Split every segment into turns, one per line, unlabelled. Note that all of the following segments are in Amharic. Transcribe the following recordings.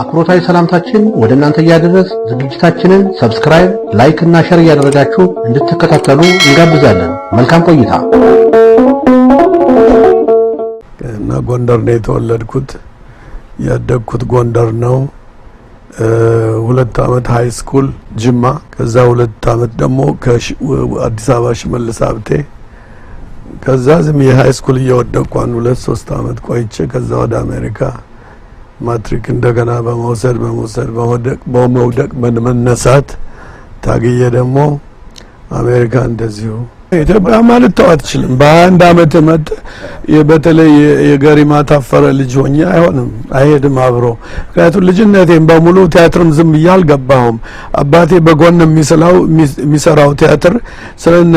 አክብሮታዊ ሰላምታችን ወደ እናንተ እያደረስ ዝግጅታችንን ሰብስክራይብ፣ ላይክ እና ሸር እያደረጋችሁ እንድትከታተሉ እንጋብዛለን። መልካም ቆይታ። እና ጎንደር ነው የተወለድኩት፣ ያደግኩት ጎንደር ነው። ሁለት አመት ሀይ ስኩል ጅማ፣ ከዛ ሁለት አመት ደግሞ አዲስ አበባ ሽመልስ አብቴ ከዛ ዝም የሀይ ስኩል እየወደቅኩ አንድ ሁለት ሶስት አመት ቆይቼ ከዛ ወደ አሜሪካ ማትሪክ እንደገና በመውሰድ በመውሰድ በመውደቅ በመነሳት ታግዬ ደግሞ አሜሪካ እንደዚሁ ኢትዮጵያ ማለት ተው አትችልም። በአንድ አመት መጥ በተለይ የገሪማ ታፈረ ልጅ ሆኜ አይሆንም፣ አይሄድም አብሮ። ምክንያቱም ልጅነቴም በሙሉ ቲያትርም ዝም ብዬ አልገባሁም። አባቴ በጎን የሚስላው የሚሰራው ቲያትር ስለነ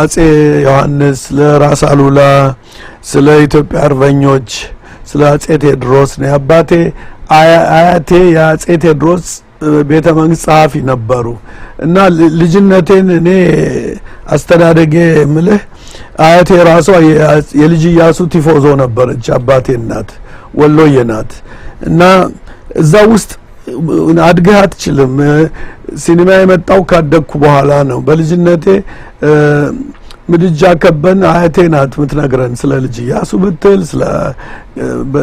አጼ ዮሐንስ፣ ለራስ አሉላ፣ ስለ ኢትዮጵያ አርበኞች ስለ አጼ ቴድሮስ ነው። አባቴ አያቴ የአጼ ቴዎድሮስ ቤተ መንግስት ጸሀፊ ነበሩ እና ልጅነቴን እኔ አስተዳደጌ ምልህ አያቴ ራሷ የልጅ እያሱ ቲፎዞ ነበረች። አባቴ ናት ወሎዬ ናት እና እዛ ውስጥ አድገህ አትችልም። ሲኒማ የመጣው ካደግኩ በኋላ ነው። በልጅነቴ ምድጃ ከበን አያቴ ናት ምትነግረን ስለ ልጅ ያሱ ብትል ስለ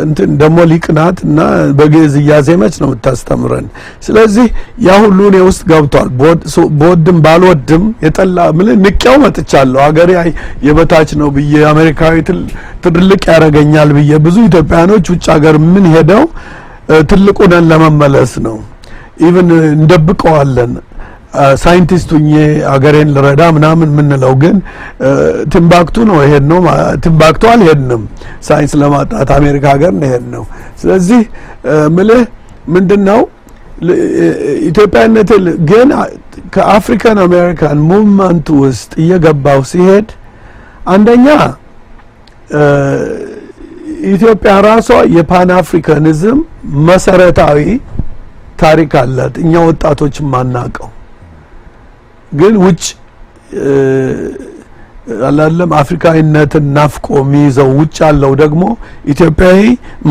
እንትን ደሞ ሊቅ እና በግዕዝ እያዜመች ነው የምታስተምረን። ስለዚህ ያ ሁሉ እኔ ውስጥ ገብቷል። በወድም ባልወድም የጠላ ምን ንቀው መጥቻለሁ። አገሪ የበታች ነው ብዬ አሜሪካዊ ትልቅ ያደርገኛል ብዬ ብዙ ኢትዮጵያኖች ውጭ ሀገር ምን ሄደው ትልቁ ነን ለመመለስ ነው ኢቭን እንደብቀዋለን ሳይንቲስት ሁኜ አገሬን ልረዳ ምናምን የምንለው ግን ትንባክቱ ነው ይሄድ ነው ትንባክቱ አልሄድንም። ሳይንስ ለማጣት አሜሪካ ሀገር ሄድ ነው። ስለዚህ ምልህ ምንድን ነው ኢትዮጵያነት ግን ከአፍሪካን አሜሪካን ሙቭመንት ውስጥ እየገባው ሲሄድ አንደኛ ኢትዮጵያ ራሷ የፓን አፍሪካኒዝም መሰረታዊ ታሪክ አላት። እኛ ወጣቶች ማናቀው ግን ውጭ አላለም አፍሪካዊነትን ናፍቆ የሚይዘው ውጭ አለው ደግሞ ኢትዮጵያዊ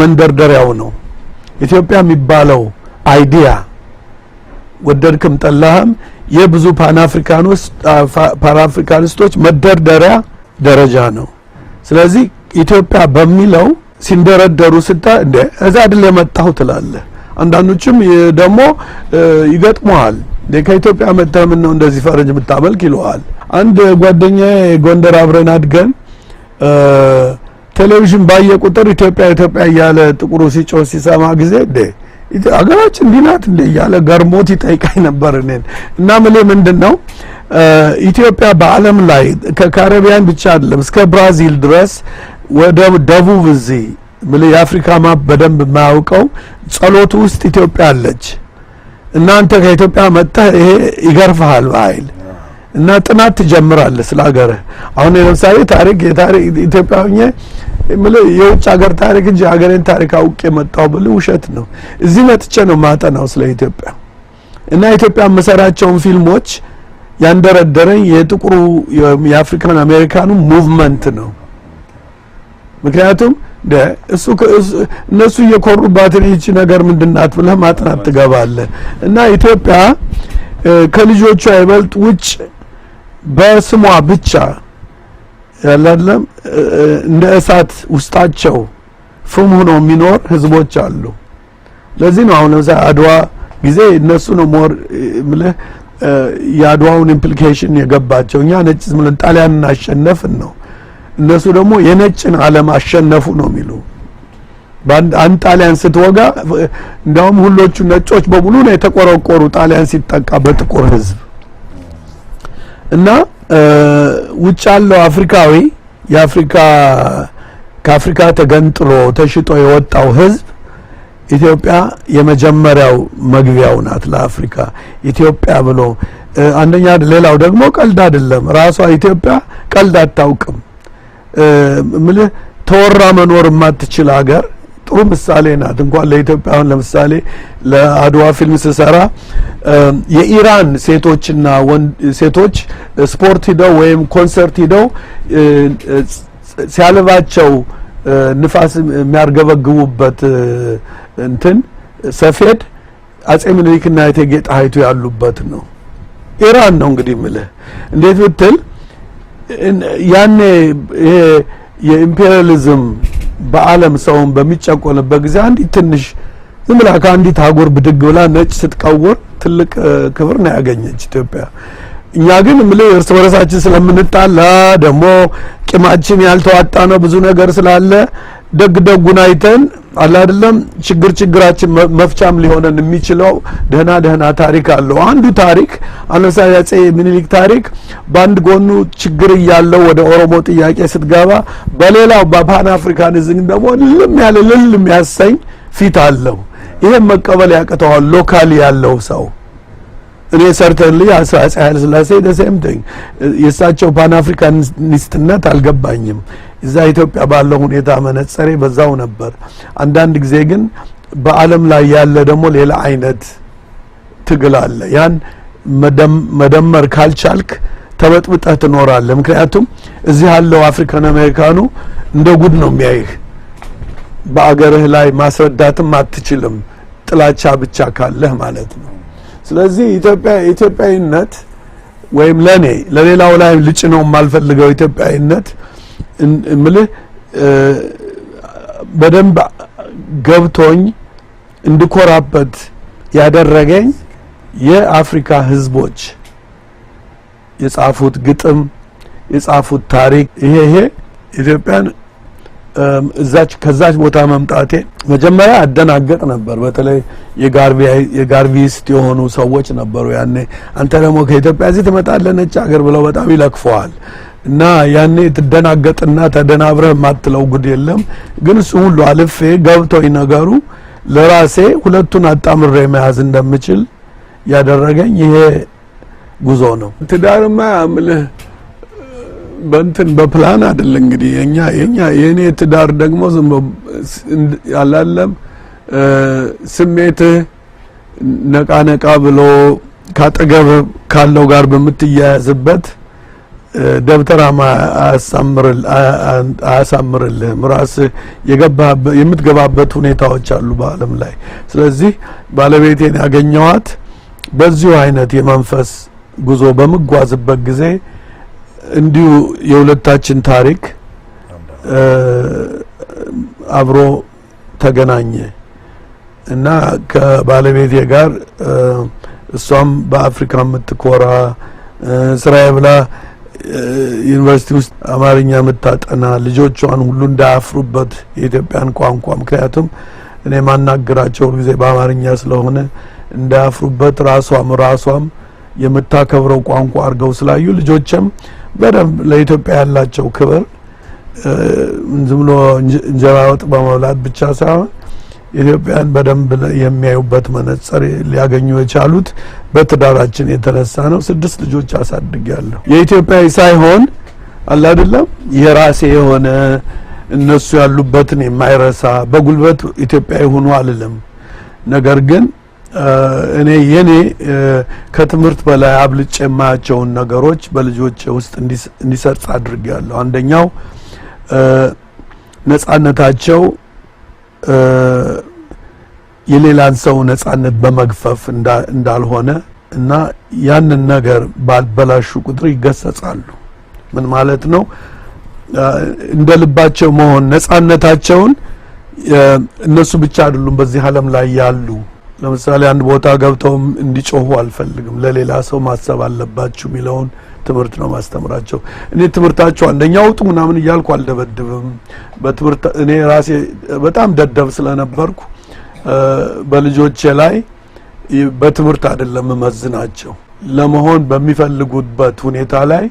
መንደርደሪያው ነው። ኢትዮጵያ የሚባለው አይዲያ ወደድክም ጠላህም የብዙ ፓንአፍሪካኒስቶች መደርደሪያ ደረጃ ነው። ስለዚህ ኢትዮጵያ በሚለው ሲንደረደሩ ስታ እንደ እዛ አይደል የመጣሁ ትላለህ። አንዳንዶችም ደግሞ ይገጥመዋል። ከኢትዮጵያ መጥተህ ምን ነው እንደዚህ ፈረንጅ የምታመልክ ይለዋል። አንድ ጓደኛዬ ጎንደር አብረን አድገን ቴሌቪዥን ባየ ቁጥር ኢትዮጵያ ኢትዮጵያ እያለ ጥቁሩ ሲጮህ ሲሰማ ጊዜ እንዴ አገራችን እንዲህ ናት እንዴ እያለ ገርሞት ይጠይቃኝ ነበር እኔን እና ምሌ ምንድን ነው ኢትዮጵያ በዓለም ላይ ከካሪቢያን ብቻ አይደለም እስከ ብራዚል ድረስ ወደ ደቡብ እዚህ ምሌ የአፍሪካ ማ በደንብ የማያውቀው ጸሎቱ ውስጥ ኢትዮጵያ አለች። እናንተ ከኢትዮጵያ መጥተህ ይሄ ይገርፍሃል በኃይል እና ጥናት ትጀምራለህ ስለ ሀገርህ። አሁን ለምሳሌ ታሪክ የታሪክ ኢትዮጵያ ሆኜ የውጭ ሀገር ታሪክ እንጂ ሀገሬን ታሪክ አውቄ መጣሁ ብል ውሸት ነው። እዚህ መጥቼ ነው ማጠናው ስለ ኢትዮጵያ እና ኢትዮጵያ የምሰራቸውን ፊልሞች ያንደረደረኝ የጥቁሩ የአፍሪካን አሜሪካኑ ሙቭመንት ነው ምክንያቱም እሱ እነሱ እየኮሩባትን ይቺ ነገር ምንድናት ብለህ ማጥናት ትገባለ እና ኢትዮጵያ ከልጆቿ ይበልጥ ውጭ በስሟ ብቻ ያላለም እንደ እሳት ውስጣቸው ፍም ሆኖ የሚኖር ህዝቦች አሉ። ለዚህ ነው አሁን ለምሳሌ አድዋ ጊዜ እነሱ ነው ሞር ምልህ የአድዋውን ኢምፕሊኬሽን የገባቸው። እኛ ነጭ ዝምለን ጣሊያን እናሸነፍን ነው እነሱ ደግሞ የነጭን ዓለም አሸነፉ ነው የሚሉ አንድ ጣሊያን ስትወጋ እንዲያውም ሁሎቹ ነጮች በሙሉ ነው የተቆረቆሩ ጣሊያን ሲጠቃ በጥቁር ህዝብ እና ውጭ ያለው አፍሪካዊ የአፍሪካ ከአፍሪካ ተገንጥሎ ተሽጦ የወጣው ህዝብ ኢትዮጵያ የመጀመሪያው መግቢያው ናት ለአፍሪካ ኢትዮጵያ ብሎ አንደኛ ሌላው ደግሞ ቀልድ አይደለም ራሷ ኢትዮጵያ ቀልድ አታውቅም ምልህ ተወራ መኖር የማትችል ሀገር ጥሩ ምሳሌ ናት። እንኳን ለኢትዮጵያ አሁን ለምሳሌ ለአድዋ ፊልም ስሰራ የኢራን ሴቶችና ሴቶች ስፖርት ሂደው ወይም ኮንሰርት ሂደው ሲያልባቸው ንፋስ የሚያርገበግቡበት እንትን ሰፌድ አጼ ምኒልክና እቴጌ ሀይቱ ያሉበት ነው። ኢራን ነው እንግዲህ ምልህ እንዴት ብትል ያኔ ይሄ የኢምፔሪያሊዝም በአለም ሰውን በሚጨቆንበት ጊዜ አንዲት ትንሽ ዝም ብላ ከአንዲት ብድግ ብላ ነጭ ስትቀወር ትልቅ ክብር ነው ያገኘች ኢትዮጵያ። እኛ ግን ምል እርስ በርሳችን ስለምንጣላ ደግሞ ቂማችን ያልተዋጣ ነው ብዙ ነገር ስላለ ደግ ደጉን አይተን አለ አይደለም። ችግር ችግራችን መፍቻም ሊሆነን የሚችለው ደህና ደህና ታሪክ አለው። አንዱ ታሪክ አነሳ ያጼ ምኒልክ ታሪክ በአንድ ጎኑ ችግር እያለው ወደ ኦሮሞ ጥያቄ ስትገባ፣ በሌላው በፓን አፍሪካኒዝም ደግሞ ልም ያለ ልል የሚያሰኝ ፊት አለው። ይሄን መቀበል ያቅተዋል ሎካል ያለው ሰው እኔ ሰርተንሊ አጼ ኃይለሥላሴ ደሴም ቲንግ የእሳቸው ፓን አፍሪካኒስትነት አልገባኝም። እዛ ኢትዮጵያ ባለው ሁኔታ መነጸሬ በዛው ነበር። አንዳንድ ጊዜ ግን በአለም ላይ ያለ ደግሞ ሌላ አይነት ትግል አለ። ያን መደመር ካልቻልክ ተበጥብጠህ ትኖራለ ምክንያቱም እዚህ ያለው አፍሪካን አሜሪካኑ እንደ ጉድ ነው የሚያይህ። በአገርህ ላይ ማስረዳትም አትችልም፣ ጥላቻ ብቻ ካለህ ማለት ነው። ስለዚህ ኢትዮጵያ ኢትዮጵያዊነት ወይም ለኔ ለሌላው ላይ ልጭ ነው የማልፈልገው ኢትዮጵያዊነት እምልህ በደንብ ገብቶኝ እንድኮራበት ያደረገኝ የአፍሪካ ህዝቦች የጻፉት ግጥም የጻፉት ታሪክ ይሄ ይሄ ኢትዮጵያን እዛች ከዛች ቦታ መምጣቴ መጀመሪያ አደናገጥ ነበር። በተለይ የጋርቪስት የሆኑ ሰዎች ነበሩ ያኔ አንተ ደግሞ ከኢትዮጵያ እዚህ ትመጣለ ነጭ ሀገር ብለው በጣም ይለክፈዋል። እና ያኔ ትደናገጥና ተደናብረ የማትለው ጉድ የለም። ግን እሱ ሁሉ አልፌ ገብቶኝ ነገሩ ለራሴ ሁለቱን አጣምሬ መያዝ እንደምችል ያደረገኝ ይሄ ጉዞ ነው። ትዳርማ አምልህ በእንትን በፕላን አይደለ እንግዲህ የኛ የኛ የኔ ትዳር ደግሞ ዝም ያላለም ስሜትህ ነቃ ነቃ ብሎ ካጠገብ ካለው ጋር በምትያያዝበት ደብተር አያሳምርልህም። ራስህ የምትገባበት ሁኔታዎች አሉ በአለም ላይ። ስለዚህ ባለቤቴን ያገኘዋት በዚሁ አይነት የመንፈስ ጉዞ በምጓዝበት ጊዜ እንዲሁ የሁለታችን ታሪክ አብሮ ተገናኘ እና ከባለቤቴ ጋር እሷም በአፍሪካ የምትኮራ ስራ ብላ ዩኒቨርሲቲ ውስጥ አማርኛ የምታጠና ልጆቿን ሁሉ እንዳያፍሩበት የኢትዮጵያን ቋንቋ ምክንያቱም እኔ ማናገራቸው ጊዜ በአማርኛ ስለሆነ እንዳያፍሩበት ራሷም ራሷም የምታከብረው ቋንቋ አድርገው ስላዩ ልጆችም በደንብ ለኢትዮጵያ ያላቸው ክብር ዝም ብሎ እንጀራ ወጥ በመብላት ብቻ ሳይሆን ኢትዮጵያን በደንብ የሚያዩበት መነጽር ሊያገኙ የቻሉት በትዳራችን የተነሳ ነው። ስድስት ልጆች አሳድጊያለሁ። የኢትዮጵያዊ ሳይሆን አለ አይደለም የራሴ የሆነ እነሱ ያሉበትን የማይረሳ በጉልበት ኢትዮጵያዊ ሆኖ አልልም። ነገር ግን እኔ የኔ ከትምህርት በላይ አብልጭ የማያቸውን ነገሮች በልጆች ውስጥ እንዲሰርጽ አድርጌያለሁ። አንደኛው ነጻነታቸው የሌላን ሰው ነጻነት በመግፈፍ እንዳልሆነ እና ያንን ነገር ባልበላሹ ቁጥር ይገሰጻሉ። ምን ማለት ነው? እንደ ልባቸው መሆን ነጻነታቸውን እነሱ ብቻ አይደሉም በዚህ አለም ላይ ያሉ። ለምሳሌ አንድ ቦታ ገብተውም እንዲጮሁ አልፈልግም፣ ለሌላ ሰው ማሰብ አለባችሁ የሚለውን ትምህርት ነው ማስተምራቸው። እኔ ትምህርታቸው አንደኛ ውጡ ምናምን እያልኩ አልደበድብም። በትምህርት እኔ ራሴ በጣም ደደብ ስለነበርኩ በልጆቼ ላይ በትምህርት አይደለም መዝናቸው ለመሆን በሚፈልጉበት ሁኔታ ላይ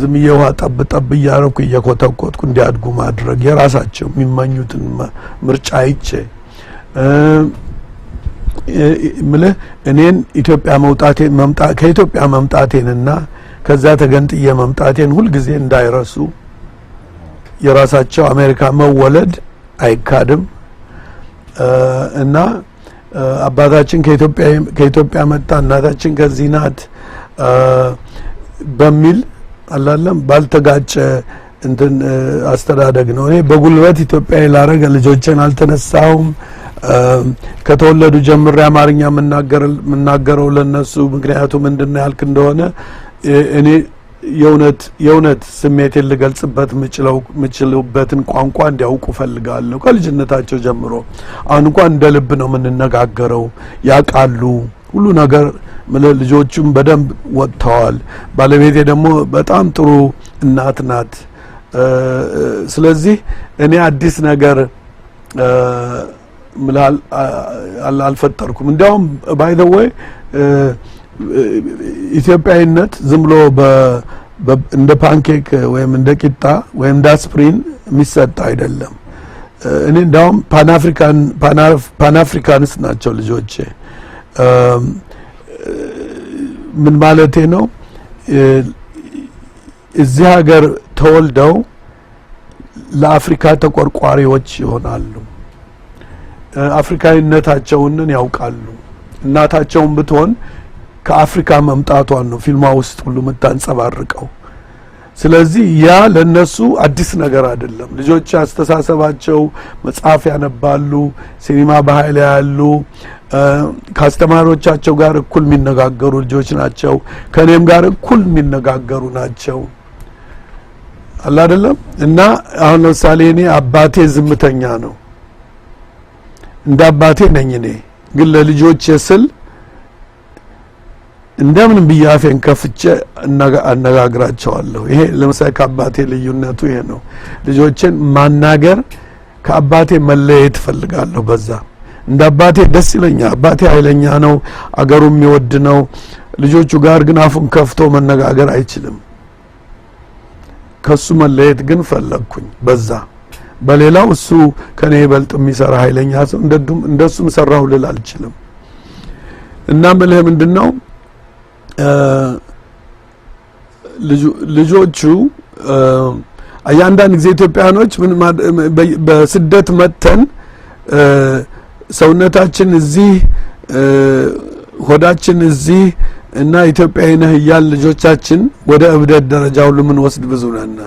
ዝም የውሃ ጠብ ጠብ እያረኩ እየኮተኮትኩ እንዲያድጉ ማድረግ የራሳቸው የሚመኙትን ምርጫ አይቼ ምልህ እኔን ኢትዮጵያ መውጣቴ መምጣ ከኢትዮጵያ መምጣቴንና ከዛ ተገንጥዬ መምጣቴን ሁልጊዜ እንዳይረሱ የራሳቸው አሜሪካ መወለድ አይካድም እና አባታችን ከኢትዮጵያ መጣ፣ እናታችን ከዚህ ናት በሚል አላለም ባልተጋጨ እንትን አስተዳደግ ነው። እኔ በጉልበት ኢትዮጵያ ላረገ ልጆችን አልተነሳውም ከተወለዱ ጀምሬ አማርኛ የምናገረው ለነሱ ምክንያቱ ምንድነው ያልክ እንደሆነ እኔ የእውነት የእውነት ስሜት ልገልጽበት የምችልበትን ቋንቋ እንዲያውቁ ፈልጋለሁ። ከልጅነታቸው ጀምሮ አሁን እንኳን እንደ ልብ ነው የምንነጋገረው፣ ያውቃሉ ሁሉ ነገር። ልጆቹም በደንብ ወጥተዋል። ባለቤቴ ደግሞ በጣም ጥሩ እናት ናት። ስለዚህ እኔ አዲስ ነገር ምላል አልፈጠርኩም። እንዲያውም ባይ ወይ ኢትዮጵያዊነት ዝም ብሎ እንደ ፓንኬክ ወይም እንደ ቂጣ ወይም እንደ አስፕሪን የሚሰጥ አይደለም። እኔ እንዲያውም ፓንአፍሪካንስ ናቸው ልጆቼ። ምን ማለቴ ነው? እዚህ ሀገር ተወልደው ለአፍሪካ ተቆርቋሪዎች ይሆናሉ። አፍሪካዊነታቸውንን ያውቃሉ። እናታቸውን ብትሆን ከአፍሪካ መምጣቷን ነው ፊልሟ ውስጥ ሁሉ የምታንጸባርቀው። ስለዚህ ያ ለነሱ አዲስ ነገር አይደለም። ልጆች አስተሳሰባቸው መጽሐፍ ያነባሉ፣ ሲኒማ ባህል ያሉ፣ ከአስተማሪዎቻቸው ጋር እኩል የሚነጋገሩ ልጆች ናቸው። ከእኔም ጋር እኩል የሚነጋገሩ ናቸው አለ አይደለም። እና አሁን ለምሳሌ እኔ አባቴ ዝምተኛ ነው፣ እንደ አባቴ ነኝ። እኔ ግን ለልጆች ስል እንደምንም ብዬ አፌን ከፍቼ አነጋግራቸዋለሁ። ይሄ ለምሳሌ ከአባቴ ልዩነቱ ይሄ ነው። ልጆችን ማናገር ከአባቴ መለየት ፈልጋለሁ በዛ እንደ አባቴ ደስ ይለኛ አባቴ ኃይለኛ ነው፣ አገሩ የሚወድ ነው። ልጆቹ ጋር ግን አፉን ከፍቶ መነጋገር አይችልም። ከሱ መለየት ግን ፈለግኩኝ። በዛ በሌላው እሱ ከኔ ይበልጥ የሚሰራ ኃይለኛ ሰው እንደሱም ሰራሁ ልል አልችልም እና ምልህ ምንድን ነው ልጆቹ አያንዳንድ ጊዜ ኢትዮጵያኖች በስደት መጥተን ሰውነታችን እዚህ ሆዳችን እዚህ እና ኢትዮጵያዊ ነህ እያል ልጆቻችን ወደ እብደት ደረጃ ሁሉ ምን ወስድ ብዙ ነን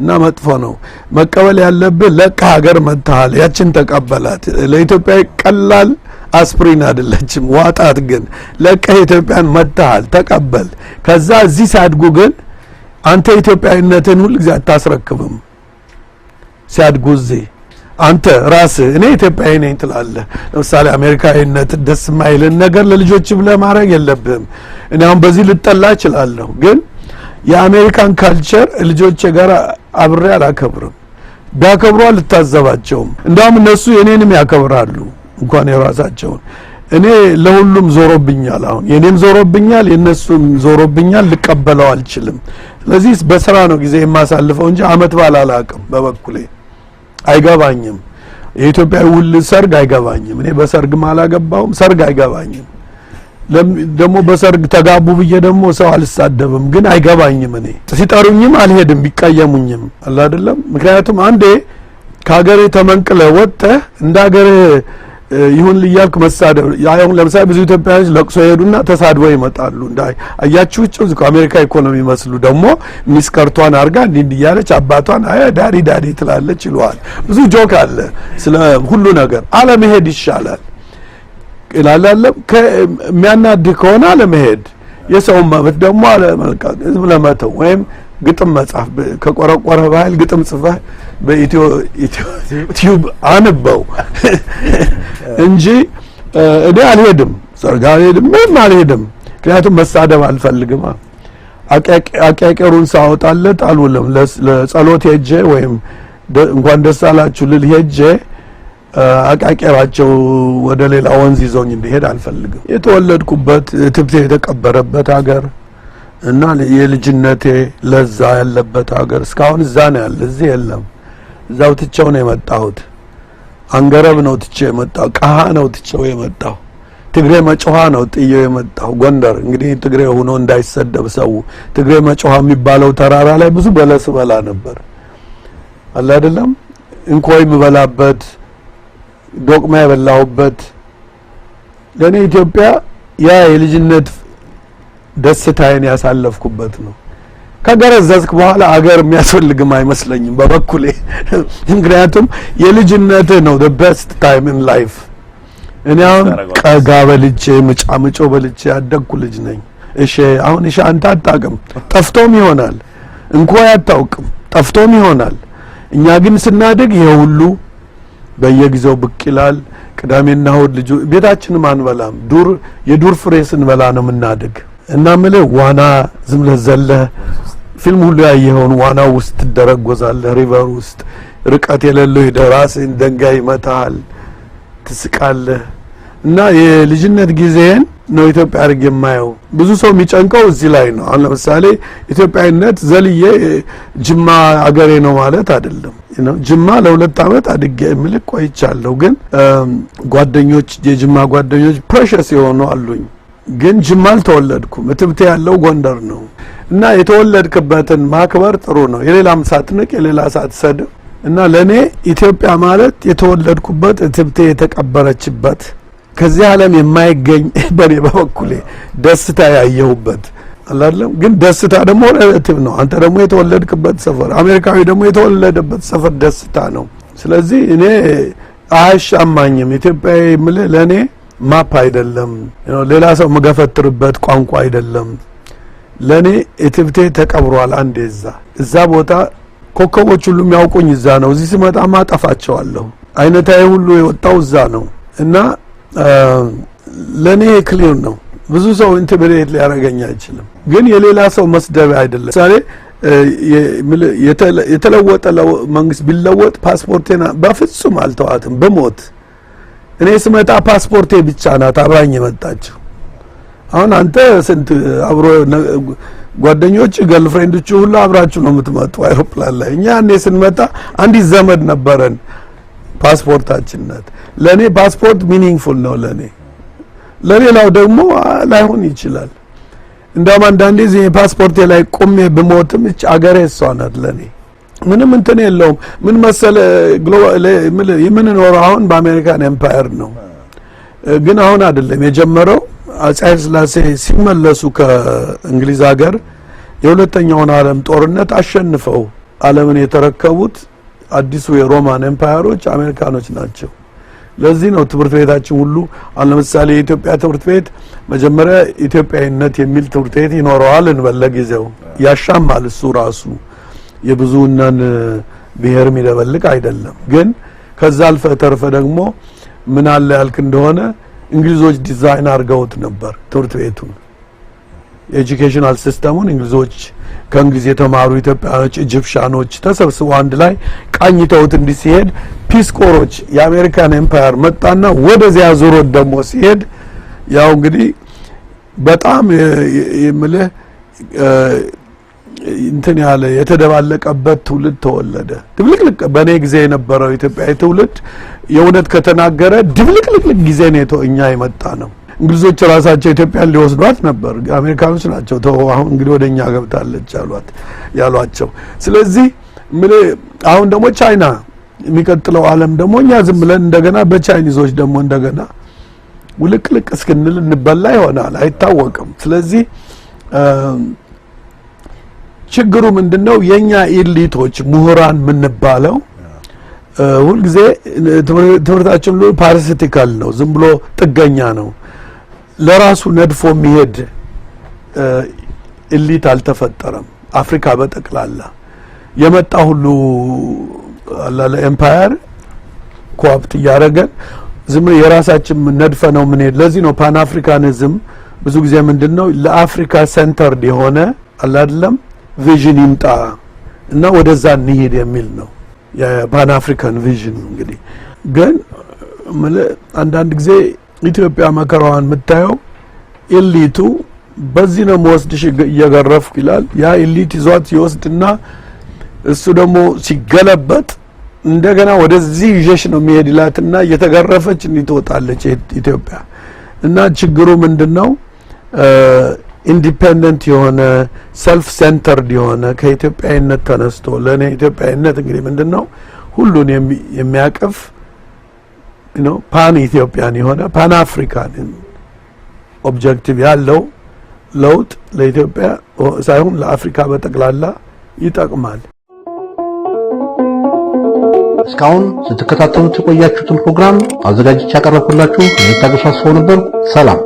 እና መጥፎ ነው። መቀበል ያለብህ ለቀ ሀገር መጥተሃል፣ ያችን ተቀበላት። ለኢትዮጵያ ቀላል አስፕሪን አይደለችም። ዋጣት ግን ለቀህ ኢትዮጵያን መጥተሃል፣ ተቀበል። ከዛ እዚህ ሲያድጉ ግን አንተ ኢትዮጵያዊነትን ሁልጊዜ አታስረክብም። ሲያድጉ እዚህ አንተ ራስ እኔ ኢትዮጵያዊ ነኝ ትላለህ። ለምሳሌ አሜሪካዊነት ደስ የማይልን ነገር ለልጆች ብለ ማድረግ የለብህም። እኔ አሁን በዚህ ልጠላ እችላለሁ፣ ግን የአሜሪካን ካልቸር ልጆቼ ጋር አብሬ አላከብርም። ቢያከብሩ አልታዘባቸውም። እንዳውም እነሱ የኔንም ያከብራሉ። እንኳን የራሳቸውን እኔ ለሁሉም ዞሮብኛል። አሁን የኔም ዞሮብኛል፣ የነሱም ዞሮብኛል፣ ልቀበለው አልችልም። ስለዚህ በስራ ነው ጊዜ የማሳልፈው እንጂ አመት በዓል አላውቅም። በበኩሌ አይገባኝም። የኢትዮጵያ ውል ሰርግ አይገባኝም። እኔ በሰርግም አላገባውም፣ ሰርግ አይገባኝም። ደግሞ በሰርግ ተጋቡ ብዬ ደግሞ ሰው አልሳደብም፣ ግን አይገባኝም። እኔ ሲጠሩኝም አልሄድም፣ ቢቀየሙኝም አለ ምክንያቱም አንዴ ከሀገሬ ተመንቅለ ወጠህ እንደ ሀገርህ ይሁን ልያልኩ መሳደብ አሁን ለምሳሌ ብዙ ኢትዮጵያውያን ለቅሶ ይሄዱና ተሳድበው ይመጣሉ። እንዳይ አያችሁ ውጭ ዚ አሜሪካ ኢኮኖሚ መስሉ ደግሞ ሚስከርቷን ከርቷን አርጋ እንዲህ እያለች አባቷን አ ዳሪ ዳሪ ትላለች ይለዋል። ብዙ ጆክ አለ ስለ ሁሉ ነገር። አለመሄድ ይሻላል ይላላለም የሚያናድህ ከሆነ አለመሄድ፣ የሰውን መብት ደግሞ አለመልቃት ህዝብ ለመተው ወይም ግጥም መጽሐፍ ከቆረቆረ ባህል ግጥም ጽፈህ በኢትዮ ቲዩብ አንበው እንጂ እኔ አልሄድም፣ ሰርግ አልሄድም፣ ምንም አልሄድም። ምክንያቱም መሳደብ አልፈልግም። አቀቀሩን ሳወጣለት አልውልም። ለጸሎት ሄጄ ወይም እንኳን ደስ አላችሁ ልል ሄጄ አቃቄራቸው ወደ ሌላ ወንዝ ይዞኝ እንዲሄድ አልፈልግም። የተወለድኩበት ትብቴ የተቀበረበት ሀገር እና የልጅነቴ ለዛ ያለበት ሀገር እስካሁን እዛ ነው ያለ፣ እዚህ የለም። እዛው ትቼው ነው የመጣሁት። አንገረብ ነው ትቼው የመጣው። ቀሃ ነው ትቼው የመጣው። ትግሬ መጮሃ ነው ጥየው የመጣው። ጎንደር እንግዲህ ትግሬ ሆኖ እንዳይሰደብ ሰው ትግሬ መጮሃ የሚባለው ተራራ ላይ ብዙ በለስ በላ ነበር አለ አይደለም። እንኮይ የምበላበት ዶቅማ የበላሁበት ለእኔ ኢትዮጵያ ያ የልጅነት ደስታዬን ያሳለፍኩበት ነው። ከገረዘዝክ በኋላ አገር የሚያስፈልግም አይመስለኝም በበኩሌ። ምክንያቱም የልጅነት ነው the best time in life። እኔ አሁን ቀጋ በልቼ ምጮ በልቼ ያደግኩ ልጅ ነኝ። እሺ አሁን እሺ አንተ አታውቅም፣ ጠፍቶም ይሆናል እንኳ አታውቅም፣ ጠፍቶም ይሆናል። እኛ ግን ስናድግ ይሄ ሁሉ በየጊዜው ብቅ ይላል። ቅዳሜና እሁድ ልጁ ቤታችንም አንበላም፣ ዱር የዱር ፍሬ ስንበላ ነው የምናድግ። እና ምልህ ዋና ዝም ብለህ ዘለህ ፊልም ሁሉ ያየኸውን ዋና ውስጥ ትደረጎዛለህ። ሪቨር ውስጥ ርቀት የሌለው ሄደህ ራስህን ደንጋይ ይመታሃል፣ ትስቃለህ። እና የልጅነት ጊዜህን ነው ኢትዮጵያ አድርግ የማየው። ብዙ ሰው የሚጨንቀው እዚህ ላይ ነው። አሁን ለምሳሌ ኢትዮጵያዊነት ዘልዬ ጅማ አገሬ ነው ማለት አይደለም። ጅማ ለሁለት አመት አድጌ ምልክ ቆይቻለሁ። ግን ጓደኞች፣ የጅማ ጓደኞች ፕሬሸስ የሆኑ አሉኝ ግን ጅማ አልተወለድኩም። እትብቴ ያለው ጎንደር ነው እና የተወለድክበትን ማክበር ጥሩ ነው። የሌላም ሳትንቅ የሌላ ሳትሰድብ እና ለእኔ ኢትዮጵያ ማለት የተወለድኩበት እትብቴ የተቀበረችበት ከዚህ ዓለም የማይገኝ በኔ በበኩሌ ደስታ ያየሁበት አላለም። ግን ደስታ ደግሞ ሬሌቲቭ ነው። አንተ ደግሞ የተወለድክበት ሰፈር፣ አሜሪካዊ ደግሞ የተወለደበት ሰፈር ደስታ ነው። ስለዚህ እኔ አያሻማኝም ኢትዮጵያ የምልህ ለእኔ ማፕ አይደለም፣ ሌላ ሰው የምገፈትርበት ቋንቋ አይደለም። ለእኔ እትብቴ ተቀብሯል። አንዴ እዛ እዛ ቦታ ኮከቦች ሁሉ የሚያውቁኝ እዛ ነው። እዚህ ስመጣ ማጠፋቸዋለሁ። አይነታዊ ሁሉ የወጣው እዛ ነው እና ለእኔ ክሊር ነው። ብዙ ሰው ኢንትብሬት ሊያደርገኝ አይችልም። ግን የሌላ ሰው መስደቢያ አይደለም። ምሳሌ የተለወጠ መንግስት ቢለወጥ ፓስፖርቴና በፍጹም አልተዋትም በሞት እኔ ስመጣ ፓስፖርቴ ብቻ ናት አብራኝ የመጣችው። አሁን አንተ ስንት አብሮ ጓደኞች ገርልፍሬንዶቹ ሁሉ አብራችሁ ነው የምትመጡ አይሮፕላን ላይ። እኛ እኔ ስንመጣ አንዲት ዘመድ ነበረን ፓስፖርታችን ናት። ለእኔ ፓስፖርት ሚኒንግፉል ነው ለእኔ ለሌላው ደግሞ ላይሆን ይችላል። እንደውም አንዳንዴ ፓስፖርቴ ላይ ቁሜ ብሞትም እች አገሬ እሷ ናት ለእኔ ምንም እንትን የለውም። ምን መሰለ የምንኖረው አሁን በአሜሪካን ኤምፓየር ነው፣ ግን አሁን አይደለም የጀመረው። አፄ ስላሴ ሲመለሱ ከእንግሊዝ ሀገር የሁለተኛውን አለም ጦርነት አሸንፈው አለምን የተረከቡት አዲሱ የሮማን ኤምፓየሮች አሜሪካኖች ናቸው። ለዚህ ነው ትምህርት ቤታችን ሁሉ አሁን ለምሳሌ የኢትዮጵያ ትምህርት ቤት መጀመሪያ ኢትዮጵያዊነት የሚል ትምህርት ቤት ይኖረዋል እንበለ ጊዜው ያሻማል እሱ ራሱ የብዙናን ብሔር የሚደበልቅ አይደለም። ግን ከዛ አልፈ ተርፈ ደግሞ ምን አለ ያልክ እንደሆነ እንግሊዞች ዲዛይን አድርገውት ነበር ትምህርት ቤቱን ኤጁኬሽናል ሲስተሙን እንግሊዞች ከእንግሊዝ የተማሩ ኢትዮጵያኖች፣ ኢጅፕሻኖች ተሰብስበው አንድ ላይ ቃኝተውት እንዲ ሲሄድ ፒስኮሮች የአሜሪካን ኤምፓየር መጣና ወደዚያ ዞሮት ደግሞ ሲሄድ ያው እንግዲህ በጣም የምልህ እንትን ያለ የተደባለቀበት ትውልድ ተወለደ። ድብልቅልቅ በእኔ ጊዜ የነበረው ኢትዮጵያዊ ትውልድ የእውነት ከተናገረ ድብልቅልቅልቅ ጊዜ ነው እኛ የመጣ ነው። እንግሊዞች ራሳቸው ኢትዮጵያን ሊወስዷት ነበር። አሜሪካኖች ናቸው ተው አሁን እንግዲህ ወደ እኛ ገብታለች ያሏት ያሏቸው። ስለዚህ አሁን ደግሞ ቻይና የሚቀጥለው አለም ደግሞ እኛ ዝም ብለን እንደገና በቻይኒዞች ደግሞ እንደገና ውልቅልቅ እስክንል እንበላ ይሆናል አይታወቅም። ስለዚህ ችግሩ ምንድን ነው? የእኛ ኢሊቶች ምሁራን የምንባለው ሁልጊዜ ትምህርታችን ሁሉ ፓራሲቲካል ነው፣ ዝም ብሎ ጥገኛ ነው። ለራሱ ነድፎ የሚሄድ ኢሊት አልተፈጠረም። አፍሪካ በጠቅላላ የመጣ ሁሉ አላለ ኤምፓየር ኮፕት እያደረገን ዝም የራሳችን ነድፈ ነው የምንሄድ። ለዚህ ነው ፓን አፍሪካኒዝም ብዙ ጊዜ ምንድን ነው ለአፍሪካ ሴንተርድ የሆነ አላደለም ቪዥን ይምጣ እና ወደዛ እንሄድ የሚል ነው የፓን አፍሪካን ቪዥን። እንግዲህ ግን አንዳንድ ጊዜ ኢትዮጵያ መከራዋን የምታየው ኤሊቱ በዚህ ነው መወስድሽ እየገረፍ ይላል። ያ ኤሊት ይዟት ይወስድና እሱ ደግሞ ሲገለበጥ እንደገና ወደዚህ ይዤሽ ነው የሚሄድ ይላትና እየተገረፈች እንትወጣለች ትወጣለች ኢትዮጵያ። እና ችግሩ ምንድን ነው? ኢንዲፔንደንት የሆነ ሰልፍ ሴንተርድ የሆነ ከኢትዮጵያዊነት ተነስቶ ለእኔ ኢትዮጵያዊነት እንግዲህ ምንድን ነው ሁሉን የሚያቅፍ ፓን ኢትዮጵያን የሆነ ፓን አፍሪካን ኦብጀክቲቭ ያለው ለውጥ ለኢትዮጵያ ሳይሆን ለአፍሪካ በጠቅላላ ይጠቅማል።
እስካሁን ስትከታተሉት የቆያችሁትን ፕሮግራም አዘጋጅቻ ያቀረብኩላችሁ እኔ ታገሱ ነበርኩ። ሰላም